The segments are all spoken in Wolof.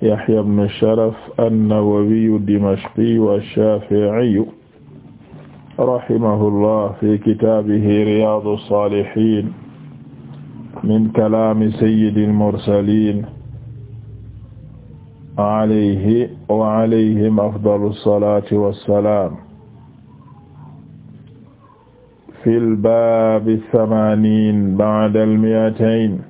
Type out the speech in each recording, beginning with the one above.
Yahya ibn Sharaf an-Nawawiyu ad-Dimashqiyu ash-Shafi'iyu rahimahullah fi kitaabihi Riyaadu as-Saalihiin min kalaami sayyidil mursaliin alayhi wa alayhim afdalu as-salaati was-salaam fil baabi ath-thamaaniin ba'da al-mi'atayn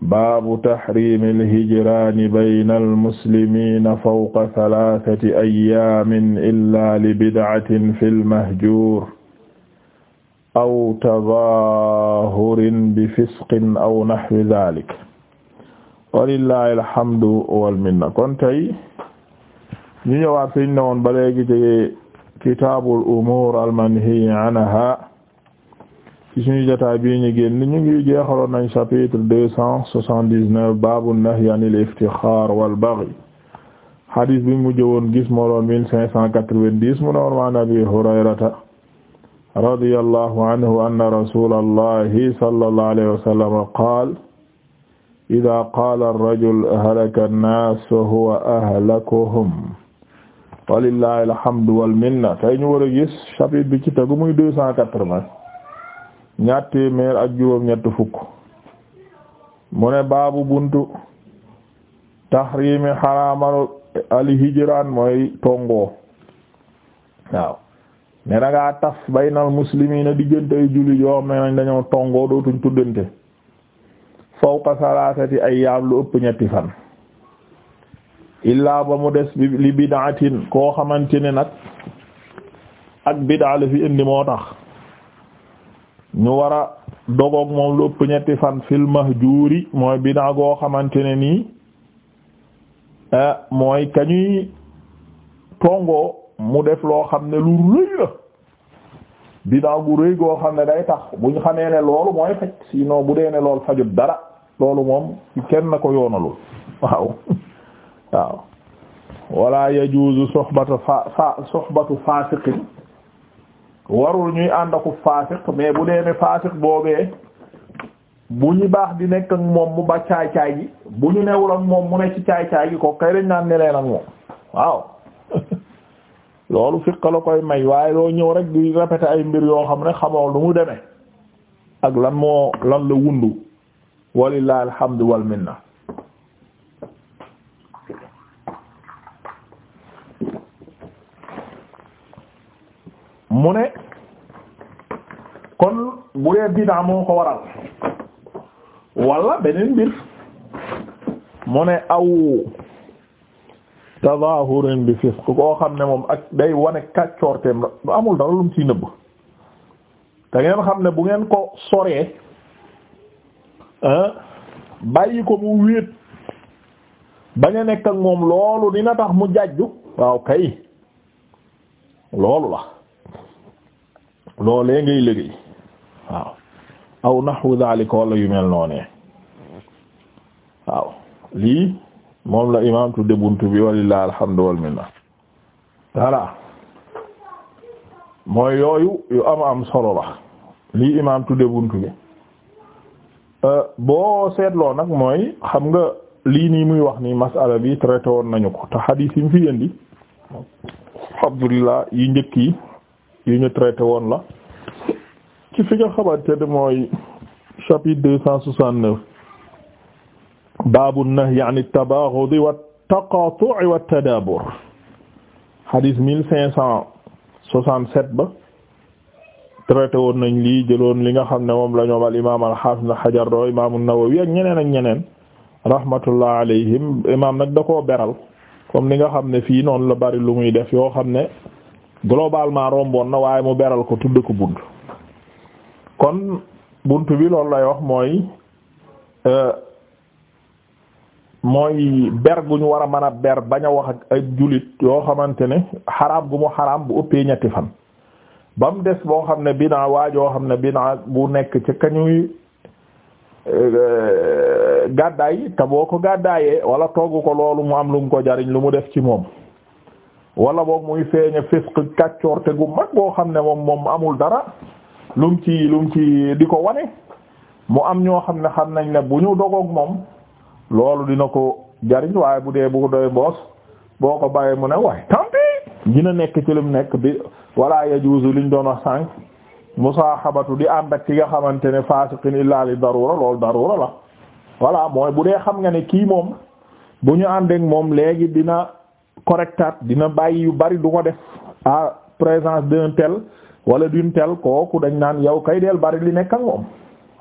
baabu taxrimi alhijraani bayna almuslimiina fawqa talaatati ayyaamin illaa libidcatin fi lmahjuur aw tadaahurin bifisqin aw naxwi daalik walillaahi alhamdu walminna kon tey ñu ñëwaat fi ñu newoon ba léegi ci kitaabul umuur almanhiyyi anhaa ci suñu jotaay bi ñu génn ñu ngi jeexaloon nañ chapitre deux cent soixante-dix-neuf baabu nahyi anil iftixaar wal baghi xadis bi mu jëwoon gis moo doon mille cinq cent quatre-vingt-dix mu doon waan abi hurayrata radiyallahu anhu anna rasulallahi sallallahu alayhi wa sallam qaala idaa qaala ar-rajulu halaka an-naas fa huwa ahlakuhum walillahi alhamdu wal minna a chapitre ñaar téeméer ak juróom ñett fukk mu ne baabu buntu tahrimi xaraamal alhijraan mooy tongoo waaw ne dangaa taf baynal muslimiina diggante ay jullit yoo ne nañ dañoo tongoo dootuñ tuddante fawqa ay ayyaam lu ëpp ñetti fan illaa ba mu des li bidaatin koo xamante ne nag ak bidaa la fi indi moo tax ñu war a dogoog moom lu ëpp ñetti fan fil mahjuuri mooy bidaa goo xamante ne nii eh, mooy kañuy tongoo mu def loo xam ne lu rëy la bidaa rëy goo xam ne day tax buñ ñu xamee ne loolu mooy faj sinon bu dee ne loolu fajut dara loolu moom kenn na ko yoonalul waaw waaw wala yajuzu soxbatu fa fa soxbatu faasiqin warul ñuy ànd ak faasiq mais bu dee ne faasiq boobee bu ñu baax di nekk moom mu ba caay caay bu ñu newul ak moom mu ne ci caay caay gi ko kay dañ naan ne ak moom waaw loolu fiq la koy may waaye doo ñëw rek di répéter ay mbir yoo xam ne xamoo lu mu demee ak lan moo lan la wundu walillahi alhamdu wal mu ne kon bu dee bid'a moo ko waral wala beneen mbir mu ne aw tadahurin bi fisq koo xam ne moom ak day wane kàccoorteem la amul dara lu mu ciy nëbb te xam ne bu ngeen ko soree bàyyi ko mu wéet bañ a nekk ak moom loolu dina tax mu jàjju waaw kay loolu la loolee ngay liggéey waaw aw nahwu zalika wala yu mel noonee waaw lii moom la imaam tudde buntu bi walillahi alhamdu wal minna voilà mooy yooyu yu am am solo la lii imaam tudde buntu bi euh, boo seetloo nag mooy xam nga lii nii muy wax nii masala bi traité woon nañu ko te xadiis yi mu yi njëkk yi yi ñu traité woon la ci fi nga xamante ne mooy chapitre deux cent soixante-neuf baabu nahyi an at-tabaghud wa at-taqatu' wa at-tadabur hadith cinq cent soixante-sept ba traité woon nañ lii jëloon li nga xam ne moom la ñoom al imam al-hafiz na Hajar do nawawi ak ñeneen ak ñeneen rahmatullah alayhim imam nag da koo beral comme li nga xam ne fii noonu la bari lu muy def yoo xam ne globalement romboon na waaye mu beral ko tudd ko bunt kon bunt bi loolu lay wax mooy euh, mooy ber gu ñu war a mën a ber bañ a wax ak ay julit yoo xamante ne xaraam gu mu xaraam bu ëppee ñetti fan ba mu des boo xam ne waa joo xam ne binaa bu nekk ci kañuy euh, gàddaay te boo ko gàddaayee wala togg ko loolu mu am lu mu ko jariñ lu mu def ci moom wala boog muy feeñe fisq kàccoor te gu mag boo xam ne moom moom amul dara lum ci lum ci di ko wane mu am ñoo xam ne xam nañ ne bu ñu dogoog moom loolu dina ko jariñ waaye bu dee bu doy boos boo ko bàyyee mu ne waaye tant pis dina nekk ci lim nekk bi wala yajuzu liñ doon wax sànq musaaxabatu di ànd ak ki nga xamante ne faasiqin illaa li darura loolu darura la voilà mooy bu dee xam nga ne kii moom bu ñu àndeek moom léegi dina correctaat dina bàyyi yu bari du ko def à présence d'un tel wala d'une telle kooku dañ naan yow kay del bari li nekk ak moom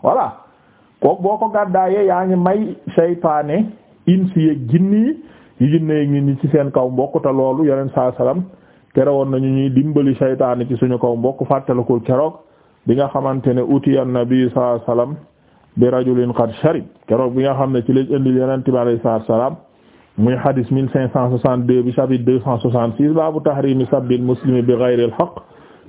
voilà kooku boo ko gàddaayee yaa ngi may seytaane insi yeeg jinni yi jinne ngi ni ci seen kaw mbokk te loolu yeneen saa salaam tere woon nañu ñuy dimbali saytaane ci suñu kaw mbokk fàttalikul keroog bi nga xamante ne uti annabi saa salaam bi rajulin qad sharib keroog bi nga xam ne ci lañ indi yeneen tibe alayhi salaam muy hadis mille cinq cent soixante deux bi chapitre baabu tahrimi sabbil muslimi bi ghayril haqq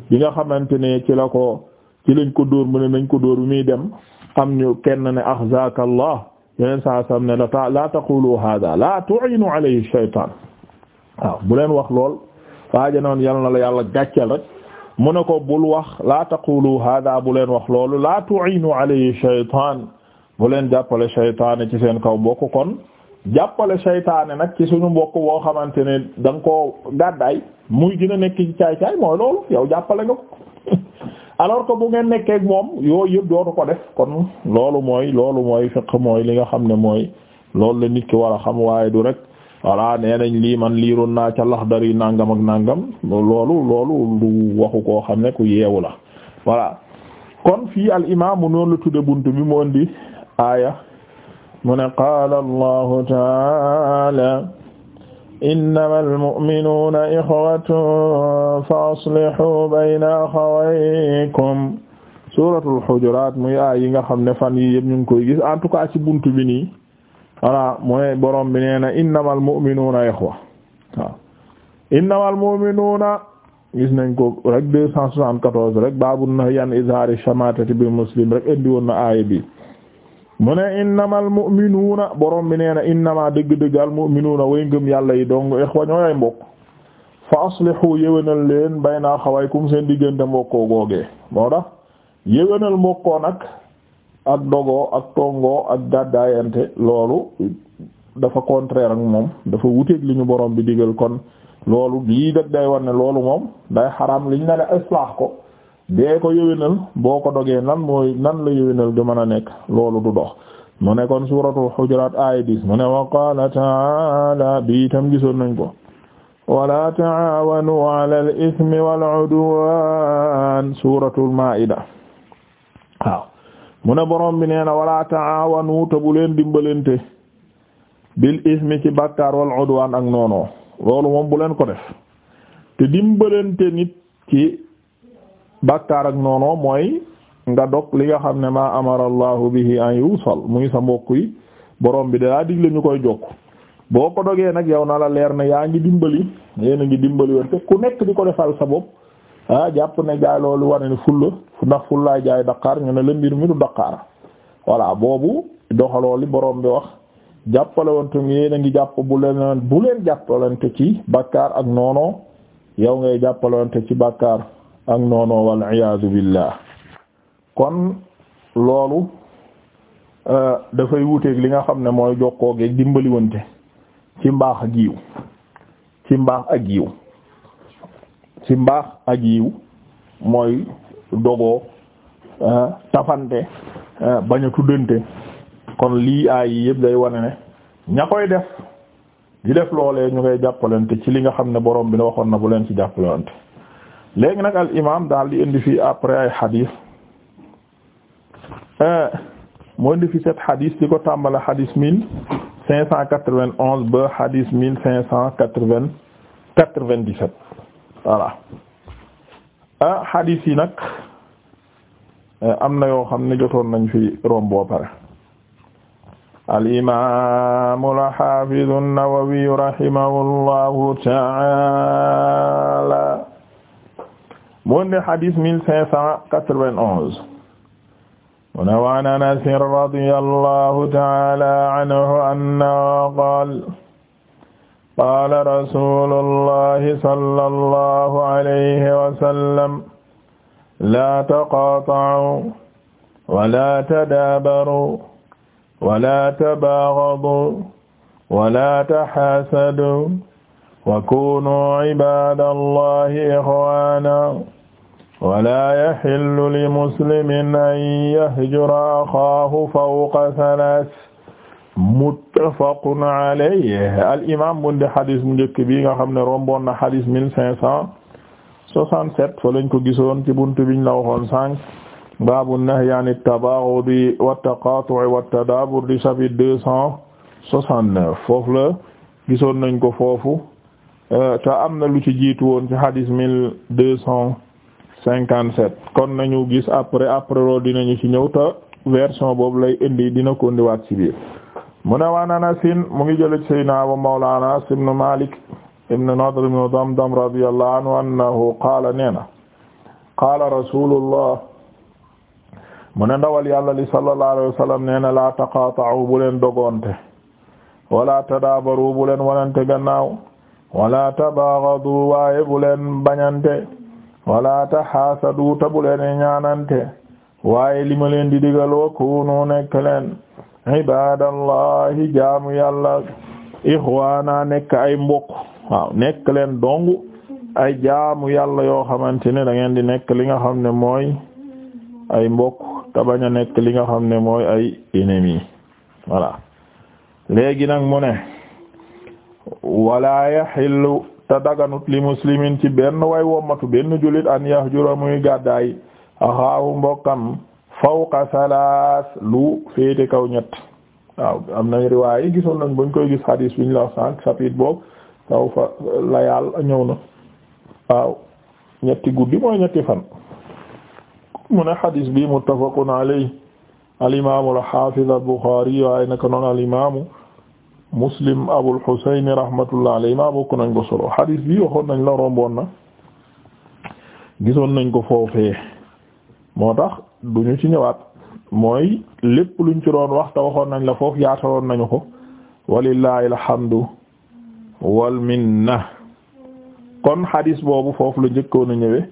bi nga xamante ne ci la ko ci lañ ko dóor mu ne nañ ko dóor bi muy dem am ñu kenn ne akhzaaka allah yeneen saa sam ne la la taqulu hada la tu'inu alayhi shaytaan waaw bu leen wax lool waaja noon yal na la yàlla gàcceel rek mu ne ko bul wax la taqulu hada bu leen wax loolu la tu'inu alayhi shaytaan bu leen jàppale shaytaan ci seen kaw bokk kon jàppale seytaane nag ci suñu mbokk boo xamante ne da nga gàddaay muy gën a nekk ci caay-caay mooy loolu yow jàppale nga ko alors que bu ngeen nekkee moom yooyu yëpp dootu ko def kon loolu mooy loolu mooy fiq mooy li nga xam ne mooy loolu la nit ki war a xam waaye du rek voilà nee nañ lii man liiroon naa ca Laxdari nangam ak nangam loolu loolu du waxu koo xam ne ku yeewu la voilà kon fii al imaamu noonu la tudde bunt bi mu indi aaya mu ne qaala allahu taala innama almuminuuna ixwatun fa aslihuu bayna axawaykum suuratul xujuraat muy aay yi nga xam ne fan yi yëpp ñu ngi koy gis en tout cas ci buntu bi nii voilà mooy borom bi nee na innama almuminuuna ixwa waaw innama almuminuuna gis nañ ko rek deux cent soixante-quatorze rek baabu nahyi an izhaari shamaatati bil muslim rek indi woon na aaya bi mu ne innamal mu'minuuna borom bi nee na innama dëgg-dëgg al mu'minuuna way ngëm yàlla yi dong ixwa ñooy mbokk fa aslihu yéwénal leen bayna xawaykum seen diggante mbokkoo googee moo tax yéwénal mbokkoo nag ak dogoo ak tongoo ak gàddaayante loolu dafa contraire ak moom dafa wuteeg li ñu borom bi digal kon loolu bii dag day ne loolu moom day xaram liñ na ne islaax ko dee ko yëwénal boo ko dogee nan mooy nan la yëwénal du mën a nekk loolu du dox mu ne kon suuratul Hujurat aaya dix mu ne wa qaala ta'aala bi itam gisoon nañ ko wala ta'aawanu alal ismi wal udwaan suuratul Maa'ida waaw mu ne borom bi nee na wala ta'aawanu te bu leen dimbalante bil ismi ci bàkkaar wal udwaan ak noonoo loolu moom bu leen ko def te dimbalante nit ci bàkkaar ak noono mooy nga dog li nga xam ne ma amara allahu bihi an yusal muy sa mbokk yi borom bi dalaa digle ñu koy jokk boo ko dogee nag yow na la leer ne yaa ngi dimbali yéen a ngi dimbali wante ku nekk di ko defal sa bopp ah jàpp ne jaay loolu wane ne fulla ndax fullaay jaay Dakar ñu na la mbir mi du Dakar voilà boobu doxaloo li borom bi wax jàppale woon yéen a ngi jàpp bu leen bu ci bakkaar ak noonu yow ngay jàppalante ci bàkkaar. ak noonu wal iyaadu billah kon loolu euh, dafay wuteeg li nga xam ne mooy jokkoo geeg dimbaliwante ci mbaax ak yiw ci mbaax ak yiw ci mbaax ak yiw mooy dogoo euh, tafante euh, bañ a tuddante kon lii aay yi yëpp day wane ne ña koy def di def loolee ñu ngay jàppalante ci li nga xam ne borom bi ne waxoon na bu leen ci jàppalante léegi nag al imaam daal di indi fii après ay xadis euh, moo indi fi sept xadis di ko tàmbale xadis mille cinq cent quatre-vingt-onze ba xadis mille cinq cent quatre-vingt quatre-vingt-dix-sept voilà ah euh, xadis yi nag euh, am na yoo xam ne jotoon nañ fi romb boo al imaam al xaafiz an-Nawawi rahimahullahu ta'ala mu ne xadis mille cinq cent quatre-vingt-onze mu ne waan Anas radiyallahu ta'ala anhu annahu qaala qaala rasuulullahi sallallahu alayhi wa sallam laa taqaata'uu wa laa tadaabaruu wa laa tabaaghaduu wa laa taxaasaduu wa kunuu cibaada allahi ixwaana walaa yaxillu li muslimin an yahjura axaahu fawqa salaas muttafaqun alayhi al imaam bundi xadis bu njëkk bi nga xam ne romboon na xadis mille cinq cent soixante-sept fa lañ ko gisoon ci buntu biñ la waxoon sànq baabu nahyi an at-tabaaghudi wa at-taqaatu'i wa at-tadaabur di chapitre deux cent soixante-neuf foofu la gisoon nañ ko foofu Euh, te am na lu ci jiitu woon ci hadis mille cinquante sept kon nañu gis après après loolu dinañu ci ñëw te version boobu lay indi dina ko indiwaat ci biir mu ne waan anasin mu ngi jël ci Seydina wa Mawlana Anas ibn Malik ibn Nadr ibn Damdam radiyallahu anhu annahu qaala nee na qaala rasulullah mu ne ndawal yàlla li sallallahu alayhi wa sallam nee na la taqata'u bu leen dogoonte wala tadabaru gannaaw wala tabaghadu waaye bu leen bañante wala tahaasadu ta bu leen ñaanante waaye li ma leen di digal wa kunu nekk leen ibadallahi jaamu yàlla ixwaana nekk ay mbokk waaw nekk leen dongu ay jaamu yàlla yoo xamante ne da ngeen di nekk li nga xam ne mooy ay mbokk te bañ nekk li nga xam ne mooy ay ennemis voilà léegi nag mu ne wala yaxillu te daganut li muslimin ci benn way wommatu benn jullit an yahjura muy gàddaay axaahu mbokkam fawqa salaas lu féete kaw ñett waaw am na riwaay gisoon nañ buñ koy gis hadis biñ la sànq chapitre boobu taw fa layaal ñëw na waaw ñetti guddi mooy ñetti fan mu ne hadis bi muttafaqun alayhi al imaam al haafiz al buxaari waaye naka noonu al imaamu muslim abul husayn rahmatullah alayhi ma bokk nañ ko solo hadith bi waxoon nañ la romboon na gisoon nañ ko foofee moo tax ñu ci ñëwaat mooy lépp luñ ci roon wax te waxoon nañ la foofu yaataloon nañu ko walillahi alhamdu wal minna kon hadith boobu foofu la njëkkoon a ñëwee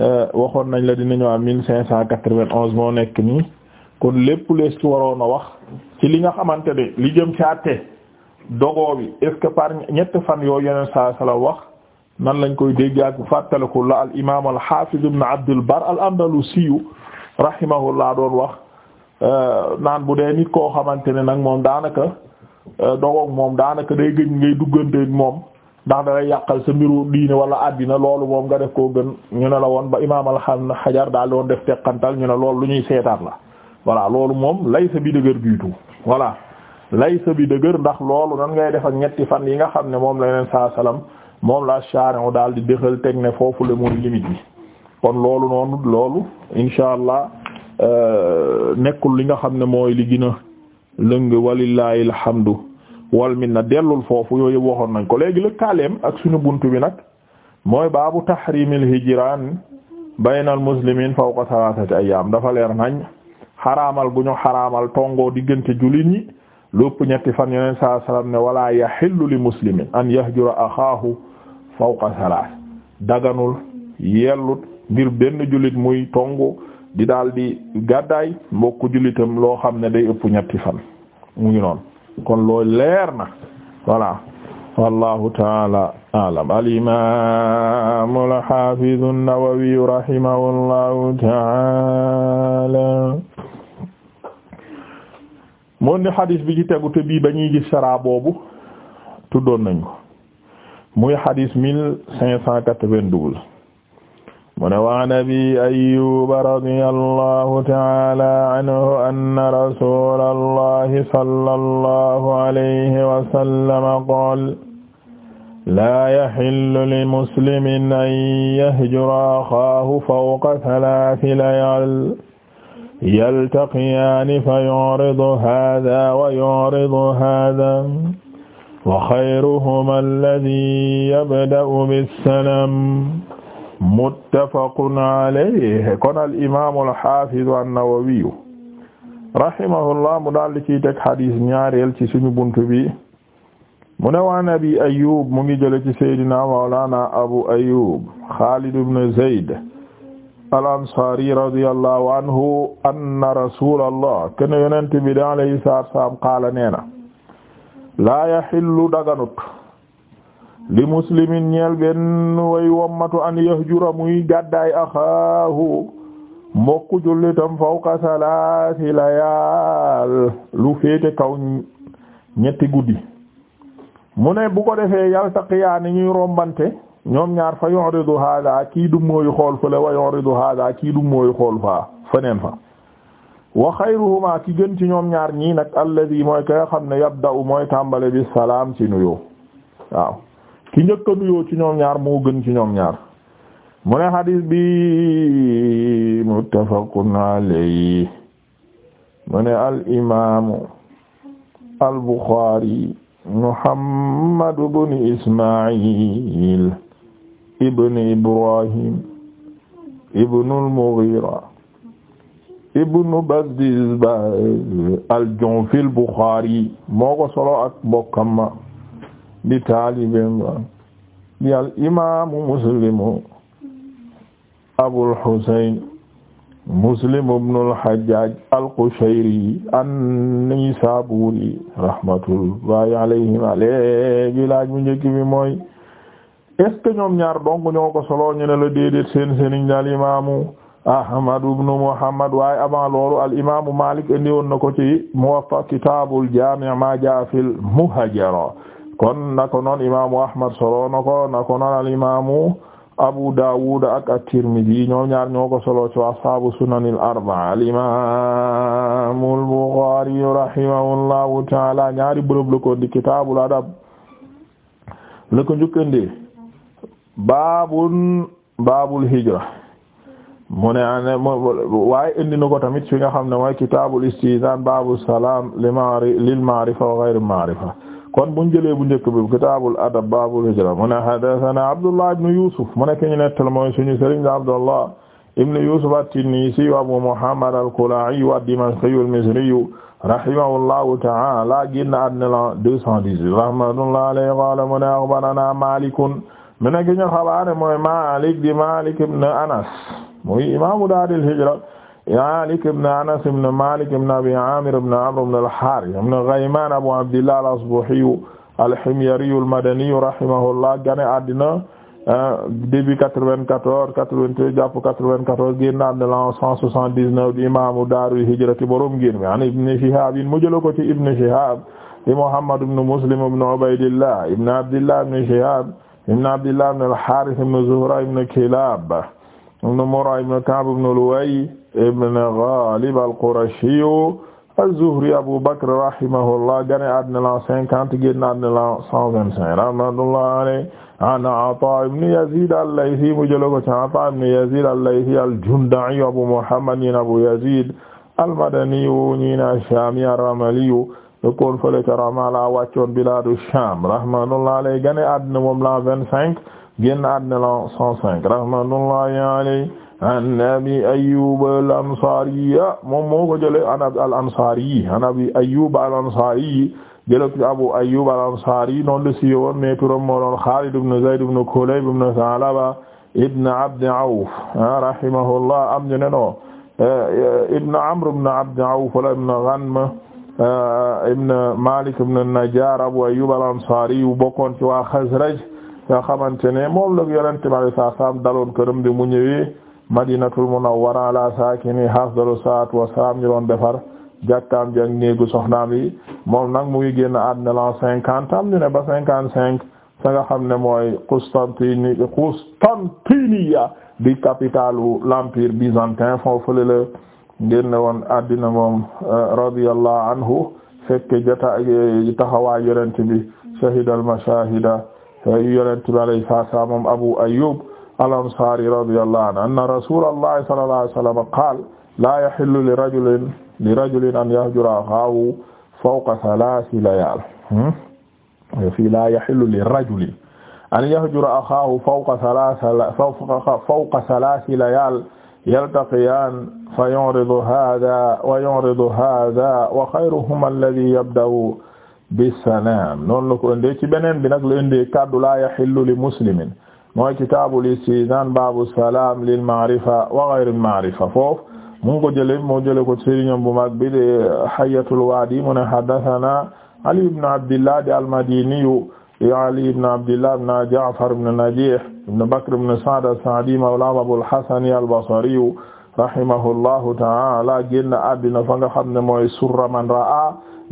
euh, waxoon nañ la dina ñëwaat mille cinq cent quatre moo nekk nii kon lépp lees ci waroon a wax ci li nga xamante ne li jëm ci àtte dogoo bi est par ñett fan yoo yeneen saa wax nan lañ koy déggee ak fàttaliku la al imaam al hafiz ibn Abdul Bar al Andalusi laa doon wax euh, naan bu dee nit koo xamante ne nag moom daanaka euh, dogoog moom daanaka day gëj ngay dugganteeg moom ndax dalay yàqal sa mbiru diine wala àddina loolu moom nga def koo gën ñu ne la woon ba imaam al Hajar daal doon def teqantal ñu ne lool lu ñuy seetaan la voilà loolu moom lay sa bi dëgër laysa bi dëgër ndax loolu nan ngay def ak ñetti fan yi nga xam ne moom la yeneen saa salaam moom la shaari'u daal di dëxal teg ne foofu la mooy limite bi kon loolu noonu loolu insha allah euh, nekkul li nga xam ne mooy li gën a lëng walillahi alhamdu wal na dellul foofu yooyu waxoon nañ ko léegi lëkkaaleem ak suñu bunt bi nag mooy baabu tahrimil hijraan baynal muslimiin fawqa thalathati ayyaam dafa leer nañ xaraamal gu ñu xaraamal tongoo diggante jullit ñi. lu ñetti fan yoneen saa ne wala yaxillu li muslimin an yahjura axaahu fawqa salaas daganul yellut ngir benn jullit muy tongu di daal di gàddaay mbokku jullitam loo xam ne day ëpp ñetti fan mu ngi kon loolu leer na wallahu taala alam al imam al hafiz moo ni xadis bi ci tegu te bii ba ñuy gis sara boobu tuddoon nañ ko muy xadis mille cinq cent quatre-vingt-douze mu ne wa an abi ayyuba radiyallahu ta'ala anhu anna rasulallahi sallallahu alayhi wa sallam qaala laa yahillu li muslimin an yahjura axaahu fawqa thalathi layaal yaltaqiyaani fa yuridu haaza wa yuridu haaza wa xayruhumaa allazii yabda'u bis-salaam muttafaqun alayhi kon al-imaamu al-haafidu an-nawawiyu rahimahullah mu daal di ciy teg xadis ñaareel ci suñu buntu bi mu ne waan Abi Ayyuub mu ngi jële ci Seydina Mawlaana Abu Ayyuub Xaalid ibn Zayd al-Ansaari radiyallahu anhu anna rasulallah kenn yonent bi da salaam qaala neena laa yaxillu daganut li muslimin ñeel benn way wommatu an yahjura muy gàddaay axaahu mbokku jullitam fawqa salaasi layaal lu féete kaw ñetti guddi mu ne bu ko defee yaltaqiyaani ñuy rombante ñoom ñaar fa yuridu hada kii du mooy xool fële wa yuridu hada kii du mooy xool faa feneen fa wa ki gën ci ñoom ñaar ñii nag alladi mooy ka nga xam ne yabda'u mooy tàmbale bi salaam ci nuyoo waaw ki njëkk a ci ñoom ñaar moo gën ci ñoom ñaar mu ne xadiis bi muttafaqun alayhi mu ne al imaamu muhammad ibn ismaayil ibn Ibrahim ibn al-Mughira ibn Bazdizbah al-Ju'fi al-Bukhari moo ko solo ak mbokkam ma di taalibeem al-imaamu Muslim Abul Husayn Muslim ibn al-Hajjaj al-Qushayri an-Naysaburi rahmatullahi alayhima léegi laaj mu njëkk bi mooy est-ce que ñoom ñaar donc ñoo ko solo ñu ne la déedéet seen sëriñ daal imaamu Ahmad ibn Muhammad waaye avant loolu al imaamu Malik indi woon ko ci Muwatta kitaabul jaami' ma jaa fil kon na ko noon imaamu Ahmad solo na ko na ko noon al imaamu Abu Dawud ak at-Tirmidhi ñoom ñaar ñoo ko solo ci ashaabu sunanil arba'a al imaamu al-Bukhari rahimahullahu ta'ala ñaari bërëb la ko kitaabul adab la ko njëkkandee baabun baabul hijra mu ne ane waaye indi na ko tamit fi nga xam ne mooy kitaabul istizaan baabu salaam li maari lil maarifa wa ghayri maarifa kon buñ jëlee bu njëkk bi kitaabul adab baabul hijra mu ne haddathana abdullah ibn yusuf mu ne keñu nettal mooy suñu sëriñ abdullah ibn yusuf at-tinnisi wa abu muhammad al-kula'i wa ad-dimashqi al-misri rahimahullahu ta'ala génn àddina la 218 rahmatullahi alayhi qala mu ne akhbarana malikun mi ne gi ñu xabaare mooy Malik di Malik ibn Anas muy imaamu daaril hijra Malik ibn Anas ibn Malik ibn Abi Amir ibn Amr ibn al-Harith ibn Ghayman Abu Abdillah al-Asbahi al-Himyari al-Madani rahimahullah gane àddina euh, début 94 93 jàpp 94 génn àddina l'an 179 di imaamu daaril hijra ci borom ngir mi an Ibn Shihab mu jël ko ci Ibn Shihab di Muhammad ibn Muslim ibn Ubaydillah ibn Abdillah ibn Shihab ibn Abdillah ibn al-Harith ibn Zuhra ibn Kilab ibn Murra ibn Ka'b ibn Luway ibn Ghalib al-Qurashi az-Zuhri Abu Bakr rahimahullah gane àddina la cinquante génn àddina la cent vingt-cinq rahmatullahi alayhi an Ata ibn Yazid al-Laythi mu jël ko ci Ata ibn Yazid al-Laythi al-Jundai Abu Muhammad Abu Yazid al-Madani ñi na Shami ar-Ramli dëkkoon fële ca Ramala wàccoon bilaadu Sham rahmatullah alay gane àddina moom la vingt-cinq génn al ansari moom moo al ansari an abi ayyub al ansari jële ko al ansari noonu la siiwe woon mais turam moo doon Xaalid ibn Zayd ibn Kulayb ibn Salaba Awf rahimahullah am ñu ne no eh, eh, Awf wala ibn Ghanm Euh, ibn Malik ibn Najjar Abu Ayyub al-Ansari yu bokkoon ci waa Xasraj nga xamante ne moom la Yonent bi alayhi salaam daloon këram bi mu ñëwee Madinatul Munawwara ala saakini afdalu salaatu wa salaam ñu doon defar jàkkaam ji ak néegu soxnaam yi moom nag mu ngi génn àddina la cinquante am ñu ne ba cinquante cinq sa nga xam ne mooy Constantini Constantinia di capitalu l'empire byzantin foofu la génn woon addina moom euh, radiyallahu anhu fekk jota euh, taxawaay yonent bi shahidal mashahida euh, yonent bi alayhi salaam moom Abu Ayyub al-Ansari radiyallahu anhu anna rasulallahi sallallahu alayhi wa sallam qaala laa yahillu li rajulin li rajulin an yahjura axaahu fawqa salaasi layaal hmm? fii laa yahillu li rajulin an yahjura axaahu fawqa salaasi layaal yaltaqiyaan fa yuridu haadaa wa yuridu haadaa wa xayruhumaa alladii yabda'u bisalaam noonu la ko indee ci beneen bi nag la indee kaddu laa yaxillu li muslimin mooy kitaabul istizaan baabu salaam lil ma'rifa wa xayril ma'rifa foofu mu ngi ko jëlee moo jëlee ko sëriñam bu mag bi de Hayyatul Waadi mu ne haddasanaa Ali ibn Abdillah al-Madini Ali ibn Abdillah ibn Ja'far ibn Najiih ibn Bakr ibn Sa'd as-Sa'di mawlaahum Abul Hasan al-Basri rahimahullahu ta'ala génn àddina fa nga xam ne mooy surra man ra'a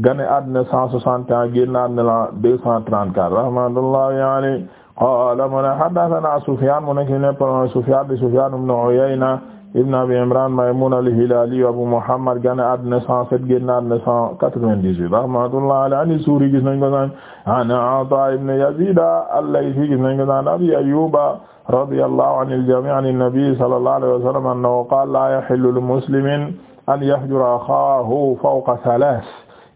gane àddina 161 génn àddina la 234 rahmatullahi alayhi qaala mu ne haddathana Sufyaan mu nekk ne Sufyaan Sufyaan ibn Uyayna ibn abi imran maymun al-hilali abu muhammad gane àddina 107 génn àddina 198 rahmatullah alayhi an suri gis nañ ko san an ata ibn yazid al-laythi gis nañ ko san abi ayyuba radiyallahu anil jami' an nabi sallallahu alayhi wa sallam annahu qala la yahillu li muslimin an yahjura akhahu fawqa thalath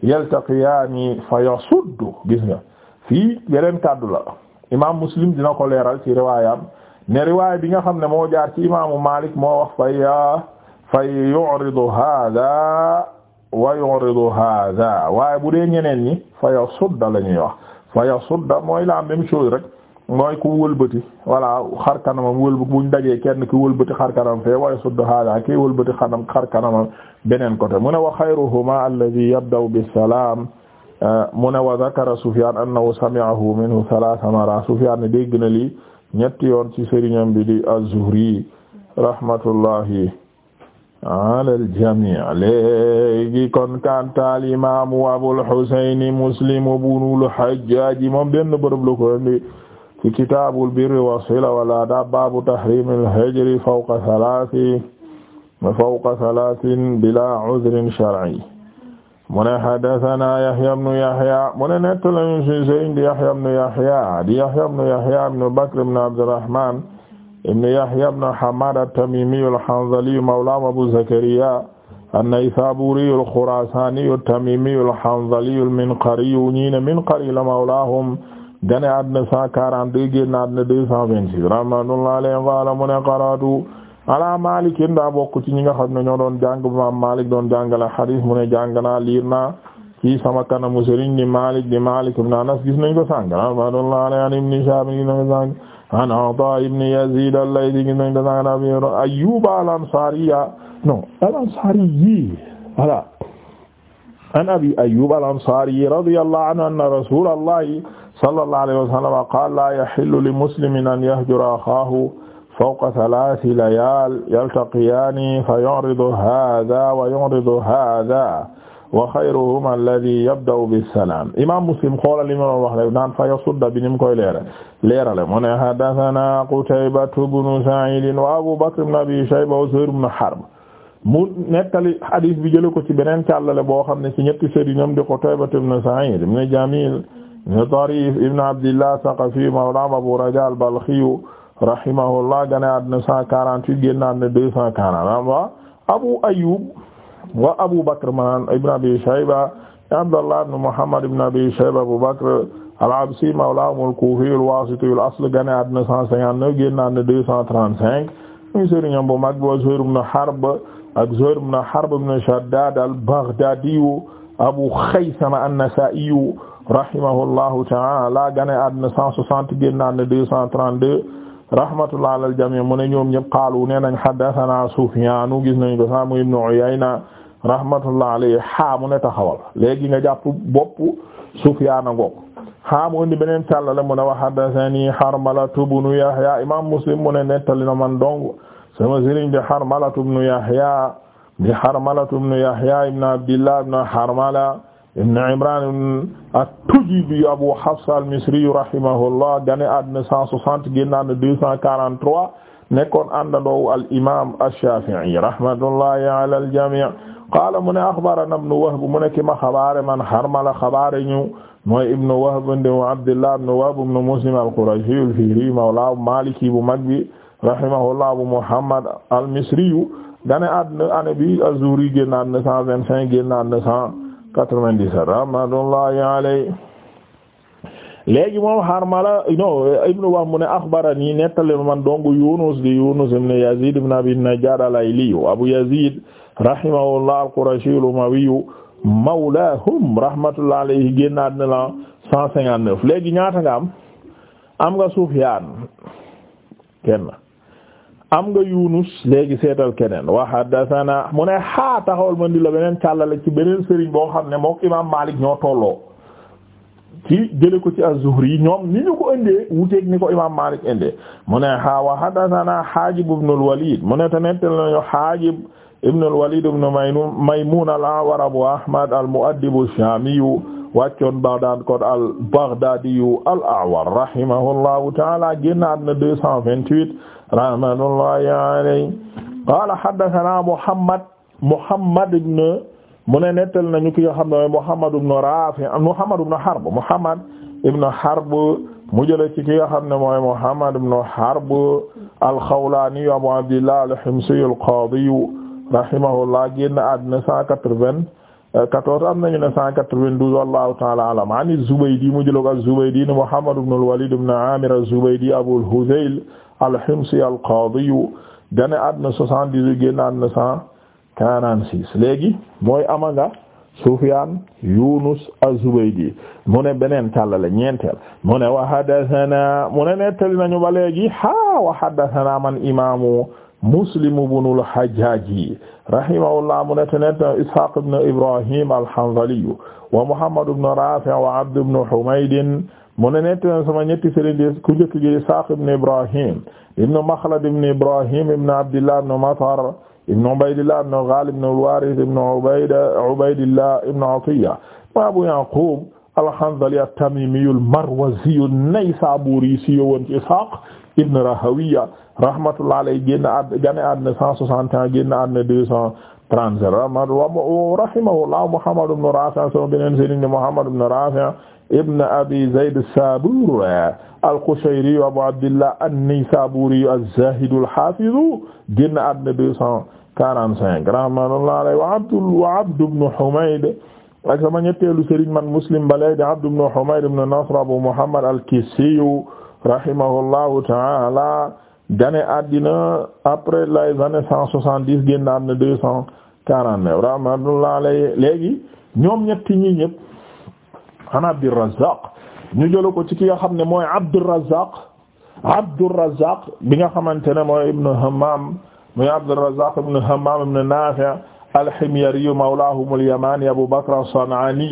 yaltaqiyani fayasuddu gis nga fii beneen kàddu la imam muslim dina ko leeral ci riwaayam ne riwaay bi nga xam ne moo jaar ci imaamu Malik moo wax fa ya fa yu'ridu hadha wa yu'ridu hadha waaye bu dee ñeneen ñi fa yasudda la ñuy wax fa yasudda mooy la même chose rek mooy ku wëlbati voilà xar kanamam wëlb buñ dajee kenn ku wëlbati xar kanam fee wa yasudda hadha kii wëlbati xanam xar kanamam beneen côté mu ne wa xayruhuma alladhi yabda'u bis-salaam mu ne wa dhakara Sufyaan annahu minhu thalaatha marrat Sufyaan dégg na lii ñetti yoon ci sëriñam bi di az alal jamii léegi kon kantaal imaamu Abul Husayn Muslim ibnul Hajjaaj moom benn bërëb la ko indi ci kitaabul birri was-sila wal adab baabu tahriimil hijri fawqa salaasin fawqa salaasin bilaa udhrin shar'i mu ne haddasanaa Yahya ibnu Yahya mu ne nettali ñu ci Sëriñ di Yahya ibnu Yahya di Yahya ibnu Yahya ibnu Bakr ibnu Abdurrahmaan ibnu Yahya ibnu Hammaad at-Tamiimiyyu al-Hanzaliyyu mawlaahum Abuu Zakariyaa an-Naysaabuuriyyu al-Khuraasaaniyyu at-Tamiimiyyu al-Hanzaliyyu al-Minqariyyu ñi ne Minqari la mawlaahum gane àddina 142 génn àddina 226 rahmatullahi alayhi mu ne qaraatu ala Malik yéen daa bokk ci ñi nga xam ne ñoo doon jàng maam Malik doon jàngale xadis mu ne jàng naa liir naa ci sama kanamu sëriñ di Malik di Malik ibn Anas gis nañ ko sànq rahmatullah alayhi an ibn Shihab gis nañ ko sànq an Ata ibn Yazid al-Laythi gis nañ ko sànq an Abi Ayyub al-Ansari ya non al-Ansari yi voilà an Abi Ayyub al-Ansari radiyallahu anhu anna Rasulullah sallallahu alayhi wa sallam qala la yahillu li muslimin an yahjura akhahu fawqa salaasi layaal yaltaqiyaani fa yu'ridu haaza wa yu'ridu haaza wa xayruhumaa allazii yabda'u bis-salaam imaam Muslim xoolal li ma doon wax rek naan fa yasudda bi ni mu koy leeral leerale mu ne haddasanaa Qutaybatu bnu Sa'iid wa Abuu Bakr ibnu Abii Shayba wa Zuhayr ibnu Harb mu nettali hadiis bi jëlee ko ci beneen càllale boo xam ne ci ñetti sëriñam di Qutaybatu bnu Sa'iid ibnu Jamiil ibnu Tariif ibnu Abdillah Saqafi mawlaa Abuu Rajaa al-Balkhi rahimahullah gane àddina cent quarante-huit génn àddina deux cent quarante wa Abu Ayyub wa Abu Bakr maanaam ibn Abi Shayba Abdullah ibn Muhammad ibn Abi Shayba Abu Bakr al-Absi mawlahum al-Kufi al-Wasiti al-asl gane àddina cent cinquante-neuf génn àddina deux cent trente-cinq muy sëriñam bu mag ba Zuhayr ibn Harb ak Zuhayr ibn Harb ibn Shaddad al-Baghdadi Abu Khaysama an-Nasa'i rahimahullahu ta'ala gane àddina cent soixante génn àddina deux cent trente-deux rahmatullah alal jami mu ne ñoom ñëpp qaalu nee nañ haddathana Sufyaanu gis nañ ko sa mu ibnu Uyayna rahmatullah alayhi xaa mu ne taxawal léegi nga jàpp bopp Sufyaan na ngoog xaa mu indi beneen càllale mu wax wa haddathani Harmalatu bnu Yahya imam Muslim mu ne nettali na man dong sama sëriñ bi Harmalatu bnu Yahya bi Harmalatu bnu Yahya ibnu Abdillah ibnu Harmala ibn Imran at-Tujibi Abu Hafs al-Misri rahimahullah gane àddina 160 génn àddina 243 nekkoon àndandoo al-Imam ash-Shafi'i rahmatullahi ala al-jami' qaala mu ne akhbarana ibn Wahb mu ne ki ma xabaare man Harmala xabaare ñu mooy ibn Wahb ibn Abdillah ibn Wahb ibn Muslim al-Qurashi al-Fihri mawla Maliki bu mag bi rahimahullah Abu Muhammad al-Misri gane àddina année bi az-Zuhri génn àddina 125 génn àddina 97 rahmatullahi alayhi léegi moom Harmala no ibnu Wahb mu ne axbarani nettale man dong Yunus di Yunus ibn Yazid ibn Abi Najjar al-Ayli Abu Yazid rahimahullah al-Qurashi al-Umawi alayhi génnaat na la 159 léegi ñaata nga am nga Sufyan kenn am nga Yunus léegi seetal keneen wa haddathana mu ne xaa taxawal man di la beneen càllale ci beneen sëriñ boo xam ne mook imaam Maalik ñoo tolloo ci jële ko ci az-Zuhri ñoom ni ñu ko indee wuteeg ni ko imaam Maalik indee mu ne xaa wa haddathana Haajib ibn al-Walid mu ne te nettal nañu Haajib ibn al-Walid ibn Maymun Maymun al-Awar Abu Ahmad al-Mu'addib ash-Shami wàccoon rahimahullahu ta'ala génnaat na rahmatullahi alayhi qaala haddathana Muhammad Muhammad ibn mu ne nettal nañu ki nga xam ne Muhammad ibn Rafi Muhammad ibn Harb Muhammad ibn Harb mu jële ci ki nga xam ne mooy Muhammad ibn Harb al-Khawlani Abu Abdillah al-Himsi al-Qadi rahimahullah génn àddina 180 14 am nañu ne 192 wallahu ta'ala a'lam an az-Zubaydi mu jël ko az-Zubaydi ibn Muhammad ibn al-Walid ibn Amir az-Zubaydi Abu al-Hudhayl al-Himsi al-Qadi gane àdduna 78 génn àdduna 146 léegi mooy ama nga Sufyan Yunus az-Zubaydi mu ne beneen tallale ñeenteel mu wa hadathana mu nañu ba léegi ha wa man Muslim ibn al-Hajjaji rahimahullah mu nettnet Ishaq ibn Ibrahim al-Hanzali wa Muhammad ibn Rafi' wa Abd ibn Humayd mu ne nettne sama ñetti sëriñ ku njëkk ji Ishaq ibn Ibrahim ibn Makhlad ibn Ibrahim ibn Abdillah ibn Matar ibn Ubaydillah ibn Ghalib ibn al-Warith ibn Ubaydillah ibn Atiyya wa Abu Yaqub al-Hanzali at-Tamimi al-Marwazi an-Naysaburi si yowoon ci Ishaq ibn Rahawiya rahmatullah alayhi génn àdd gane àdduna 161 génn àdduna 230 rahimahullah Muhammad ibn Rafi' sama beneen sëriñ ne Muhammad ibn Rafi' ibn Abi Zayd as-Sabur al-Qushayri Abu Abdillah an-Naysaburi az-Zahid al-Hafiz génn àdduna 245 rahmatullah alayhi wa Abd wa Abd ibn Humayd ak sama ñetteelu sëriñ man Muslim ba léegi Abd ibn Humayd ibn Nasr Abu Muhammad al-Kissi rahimahullahu taala gane addina après les années cent soixante dix génn am na deux cent quarante neuf rahmatullah alayhi léegi ñoom ñetti ñi ñëpp an Abdurrazzaq ñu jëla ko ci ki nga xam ne mooy Abdurrazzaq Abdurrazzaq bi nga xamante ne mooy ibn Hammam mooy Abdurrazzaq ibn Hammam ibn Nafi' al-Himyari mawlahum al-Yamani Abu Bakr as-San'ani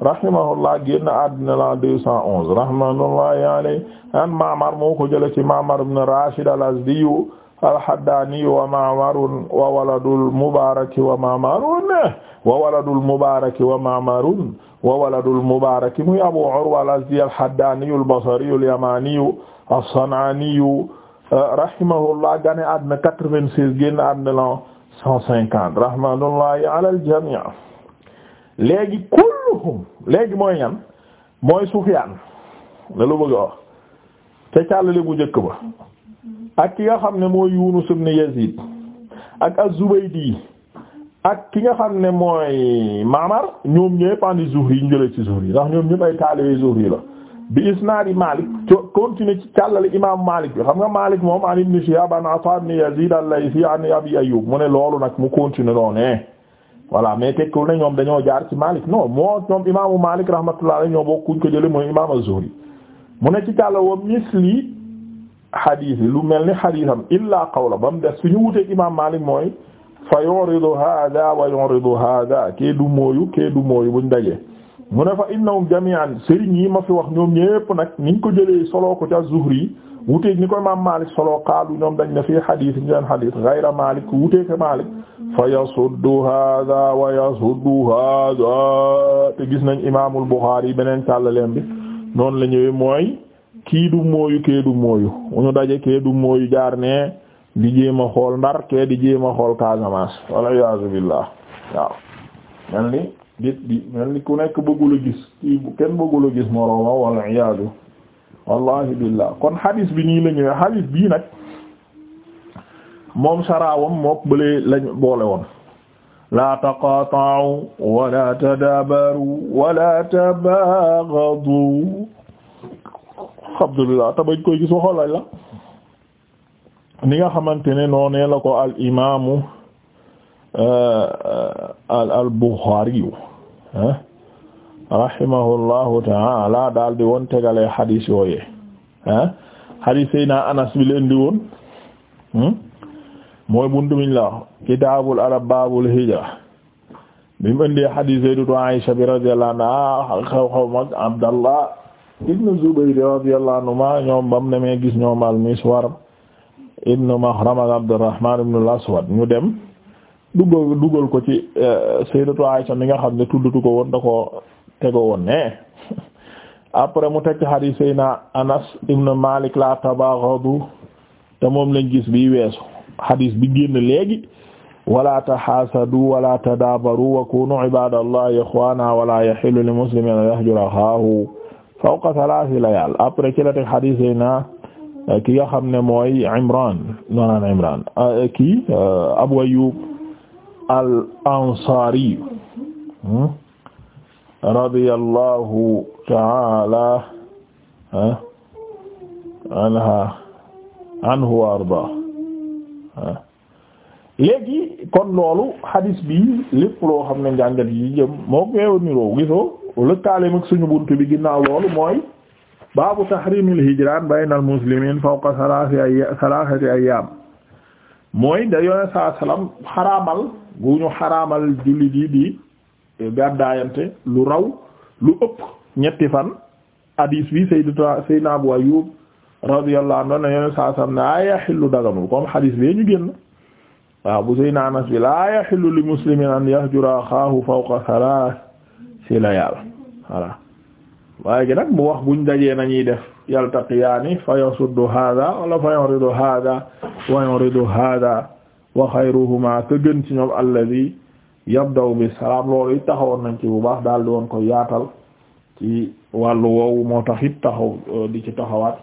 rahimahullah génn àddina la deux cent onze rahmatullahi alayhi an Ma'mar moo ko jële ci Ma'mar ibn Rashid al-Azdi al-Haddani wa Ma'marun wa waladul Mubarak wa Ma'marun wa waladul Mubarak wa Ma'marun wa waladul Mubarak muy Abu Urwa al-Azdi al-Haddani al-Basri al-Yamani as-San'ani rahimahullah génn àddina quatre-vingt-seize génn àddina la cent cinquante rahmatullahi ala al-jami' léegi kulluhum léegi mooy ñan mooy Sufyaan la lu bëgg a wax te càllale bu njëkk ba ak ki nga xam ne mooy Yunus ibn Yazid ak az-Zubaydi ak ki nga xam ne mooy Ma'mar ñoom ñëpp andi Zuhri ñu jëlee ci Zuhri ndax ñoom ñëpp ay taalibe Zuhri la bi isnaadi Malik continue ci càllale imam Malik bi xam nga Malik moom an ibn Shihab an Ata ibn Yazid al-Laythi an Abi Ayyub mu ne loolu nag mu continue noonu voilà mais tekkul ne ñoom dañoo jaar ci Malik non moo ñoom imaamu Malik rahmatullah ñoo bokk kuñ ko jële mooy imaam az-Zuhri mu ne ci tàlla wa misli xadiis yi lu mel ni xadiisam illaa qawla ba mu des suñu wuteeg imaam Malik mooy fa yuridu hada wa yuridu hada kee du mooyu kee du mooyu buñ dajee mu ne fa innahum jami'an sëriñ yi ma fi wax ñoom ñépp nag niñ ko jëlee soloo ko ca Zuhri wuteeg ni ko imaam Maalik soloo qaalu ñoom dañ ne fii xadiis ñu leen xadiis gayra Maalik wuteeg Maalik gis nañ imaamul Buxaari beneen càllaleen bi noonu la ñëwee mooy kii du mooyu kee du mooyu ñu daje kee mooyu jaar ne di jéem a xool Ndar kee di jéem a xool Casamance wal iyaazu billaah waaw di mel ni ku nekk bëggul a gis kenn bëggul a gis morooma walla iyaadu wallahi billah kon hadis bi nii la ñëwee hadis bii nag moom saraawam mook bëlee lañ boole woon laa taqaata'u wala tadaabaru wala tabaghadu alhamdulillah tabañ koy gis waxoon lañ ni nga xamante ne noonee la ko al imaamu Euh, euh, al al Buxaariyu rahimahullahu ta'ala daal di woon tegalee xadis yooyee ah xadis yi naa Anas bi leen di woon hmm, mooy buntu miñ la kitaabul adab baabul hijra bi mu indee xadis Sayyidatu Aisha bi radiyallahu anha xew-xew mag Abdallah ibnu Zubayr radiyallahu anhuma ñoom bam demee gis ñoom al Miswar ibnu Maxrama Abdurrahmaan ibnu al-Aswad ñu dem. dugal dugal ko ci euh, sayyidatu Aisha mi nga xam ne tuddutu ko woon ko tego woon après mu tekk hadith sayna Anas ibn Malik la tabaghadu te moom lañ gis bi weesu hadith bi génn léegi wala tahaasadu wala tadaabaru wa kunu ibadallahi ikhwana wala yahillu li muslimin an yahjura axaahu fawqa thalathi layal après ci la teg hadith ki nga xam ne mooy Imran noonaan euh, euh, Abu Ayyub al ansaari hmm, radiyallahu taala anha anhu wa ardaa léegi kon loolu hadis bi lépp loo xam ne njàngat yi moo ko niroo gisoo lëkkaale mag suñu bunt bi ginnaaw loolu mooy baabu tahrimil hijraan bayna al muslimiin fawqa salaasati ayyaam mooy da salaam xaraamal gu ñu xaraamal jullit yi di gàddaayante lu raw lu ëpp ñetti fan hadis bi sayyidina sayyidina Abu Ayyub radiyallahu anhu ne yoneen saa sam ne laa yaxillu daganul comme hadis bi ñu génn waaw bu sayyidina Anas bi laa yaxillu li muslimin an yahjura axaahu fawqa salaas si la yàlla voilà nag mu wax buñ dajee nañuy def yaltaqiyaani fa yasuddu hada wala fa yuridu hada wa yuridu wa xayruhuma ka gën ci ñoom alladi yabdaw bi salaam loolu yi taxawoon nañ ci bu baax daal di woon ko yaatal ci wàllu woowu moo tax it taxaw euh, di ci taxawaat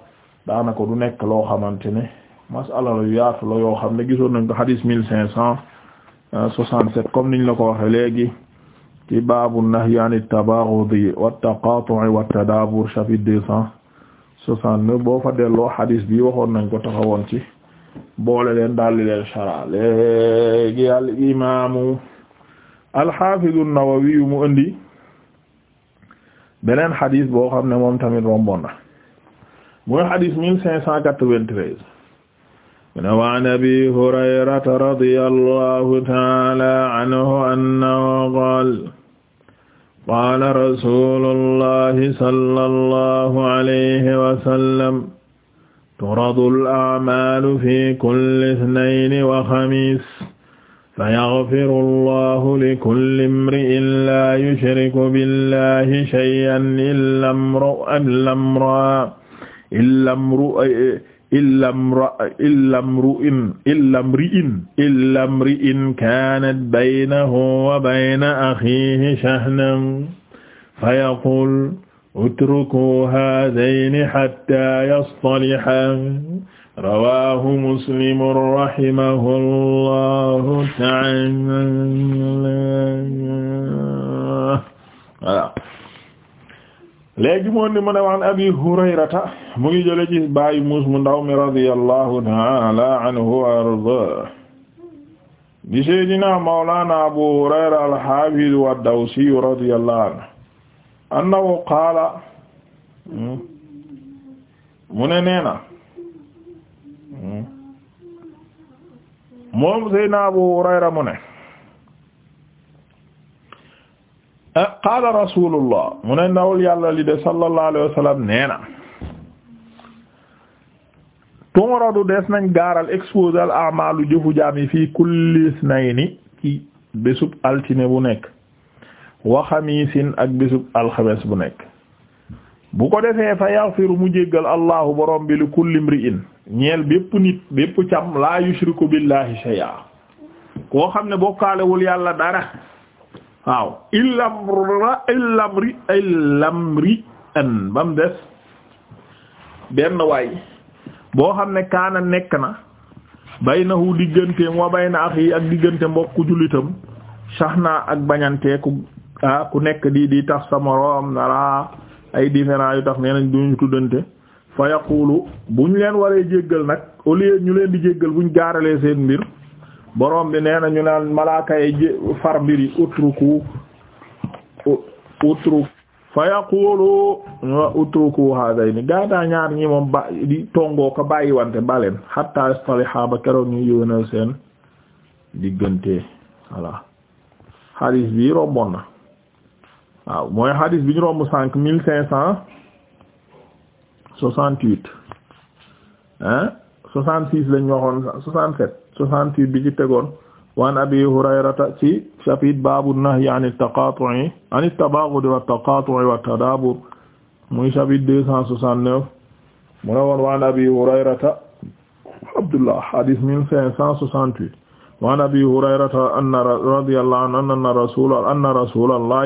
daanaka du nekk loo xamante ne masala la yaatu la yoo xam ne gisoon nañ ko xadiis mille cinq cent soixante-sept comme niñ la ko waxe léegi ci baabu nahyi an at-tabaghudi wat-taqatu'i wat-tadaabur chapitre deux cent soixante-neuf boo fa delloo xadiis bi waxoon nañ ko taxa woon ci boole leen daldi leen shara léegi al imaamu alxaafizu an-Nawawi mu indi beneen xadis boo xam ne moom tamit rombon na mooy xadis mille cinq cent quatre-vingt-treize mene waan abi hurayrata radiyallahu taala anhu annahu qaala qaala rasulullahi sallallahu alayhi wa sallam turadul a'maalu fi kulli ithnayni wa xamiis fa yaghfiru allahu likulli imri'in laa yushriku billahi shay'an illa imra'a illa imri'in kaanat baynahu wa bayna akhiihi shahnan fa yaquul utrukuu haadayni hattaa yastalihaa rawaahu muslim rahimahullahu ta'aala voilà léegi moom ni mu ne waan abi hurayrata mu ngi jële ci bàyyi muus mu ndaw mi radiyallahu ta'aala anhu wa ardaa di seydina mawlaana abu hurayra al-haafiz wa dawsi radiyallahu anhu annahu qaala mu ne nee na moom Seydina Abu Hurayra mu ne eh, qaala rasulullah mu ne ndawul yàlla li de sallallahu alayhi wa sallam nee na tumuradu des gaaral exposé al jëfu jaam yi fii kulli isnayni ci bésub altine bu nekk wa xamiisin ak bisub alxames bu nekk bu ko defee fa yaghfiru mu jéggal allahu borom bi li kulli imri'in ñeel bépp nit bépp cam laa yushriku billahi shay'a koo xam ne bokkaalewul yàlla dara waaw illam ri illam ri an ba mu des benn waay boo xam ne kaana nekk na baynahu digganteem wa bayna axi ak diggante mbokku jullitam saxnaa ak bañanteeku Ah, ku nekk di di tax sa moroom nara ay différents yu tax nee nañ duñu tuddante fa yaqulu buñ leen waree jéggal nag au lieu ñu leen di jéggal ñu gaaralee seen mbir boroom bi nee na ñu naan malaaka far mbir yi utruku utruku fa yaqulu utruku hadayni gaataa ñaar ñi moom ba tongoo ko bàyyi wante baleen hatta istaliha ba keroog ñu seen diggante voilà hadis bi rombon na waaw mooy hadis bi ñu cinq mille cinq cent soixante huit hein soixante six soixante sept soixante huit bi ci tegoon waan abi hurayrata ci chapitre baabu nahyi an abi hurayrata abdullah hadis abi hurayrata anna rasulallah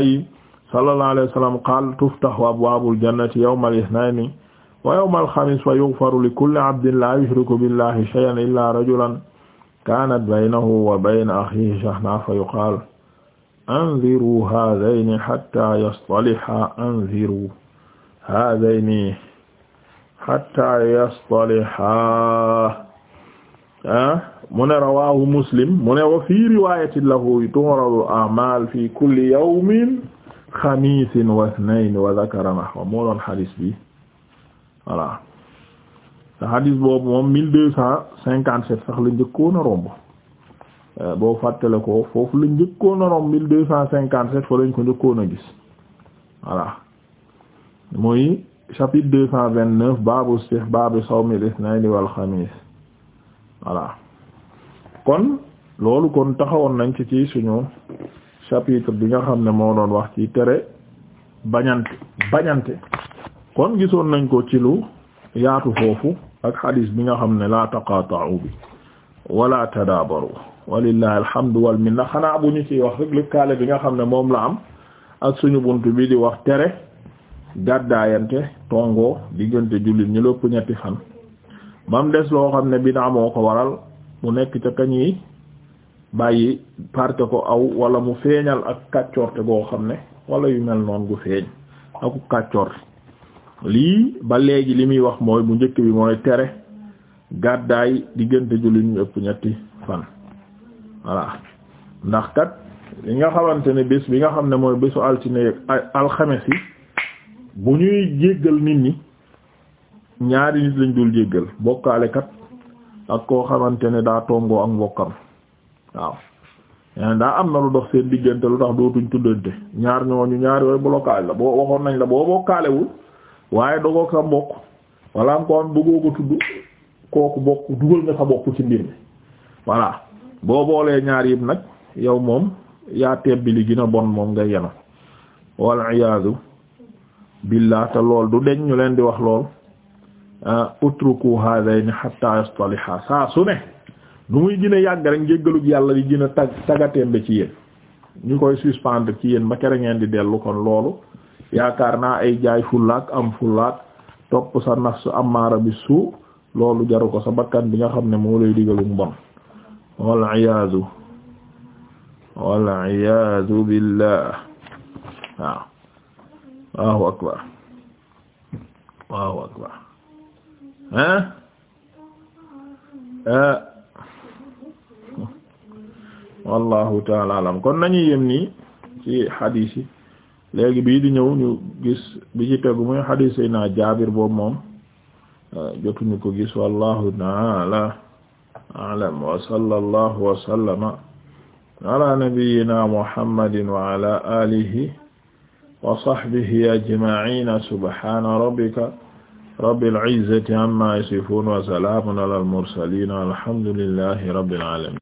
sallallahu alayhi wa sallam qaal tuftahu abwaabul jannati yawmal ithnayni wa yawmal xamis fa yughfaru li kulli abdin laa yushriku billahi shay'an illaa rajulan kaanat baynahu wa bayna akhiihi shahnaa fa yuqaalu anziru haadhayni hattaa yastaliha anziru haadhayni hattaa yastaliha mu ne rawaahu muslim mu ne wa fii riwaayatin lahu tu'radu al a'maal fii kulli yawmin xamisin wa ithnayn wa dhakara nahwa moo doon xadis bi voilà te xadis boobu moom mille deux cent cinquante sept sax la njëkkoon a romb euh, boo fàttale ko foofu la njëkkoon a romb mille deux cent cinquante sept fa lañ ko njëkkoon a gis voilà muy chapitre deux cent vingt neuf baabu istihbaabi sawmi al-ithnayni wal xamiis voilà kon loolu kon taxawoon nañ ci ci suñu chapitre bi nga xam ne moo doon wax ci tere bañante bañante kon gisoon nañ ko ci lu yaatu foofu ak xadiis bi nga xam ne la taqata'u bi wala tadabaru walillahi alhamdu wal minna xanaa bu ñu ciy wax rek lëkkaale bi nga xam ne moom la am ak suñu bunt bi di wax tere gàddaayante tongoo diggante jullit ñu lépp ñetti fan bam des loo xam ne bidaa moo ko waral mu nekk ca kañ yi bàyyi parte ko aw wala mu feeñal ak kàccoorte goo xam ne wala yu mel noon gu feeñ aku kàccoorte lii ba léegi li muy wax mooy bu njëkk bi mooy tere gàddaay diggante jullit ñu ëpp ñetti fan voilà ndax kat li nga xamante ne bés bi nga xam ne mooy bésu altine alxames yi bu ñuy jéggal nit ñi ñaari nit lañ dul jéggal bokkaale kat ak koo xamante ne daa tongoo ak mbokkam waaw yaan eh, daa am na lu dox seen diggante lu tax dootuñ tuddante ñaar ñooñu ñaar yooyu blocage la boo waxoon nañ la boo bokkaalewul waaye dogoog sa mbokk walla am ko am bëggoo ko tudd kooku bokk dugal nga sa bopp ci mbir mi voilà boo boolee ñaar yëpp nag yow moom yaa bi li gën a bon moom nga yeno wal iyaadu billah te lool du deñ ñu leen di wax lool eh, utruku haadayni hatta yastaliha saa su ne lu muy gën yàgg rek njéggalug yàlla di gën a tag tagateem ba ci yéen ñu koy suspendre ci yéen ba kere ngeen di dellu kon loolu yaakaar naa ay jaay fullaak am fullaak topp sa su amaara bi suu loolu jaru ko sa bakkan bi nga xam ne moo lay digalu mbon wal iyaadu wal iyaadu billah waaw Allahu akbar Allahu akbar hein wallahu taala alam kon nañu yem nii ci xadiis yi léegi bii di ñëw ñu gis bi ci tegu muy xadiis yi naa jaabir boobu moom euh, jotuñu ko gis wallahu taala alam wa sallallahu wa sallama ala nabiyyina muhammadin wa ala alihi wa sahbihi ajma'in subhana rabbika rabbil izzati amma yasifun wa salamun ala al mursalin alhamdulillahi rabbil alamin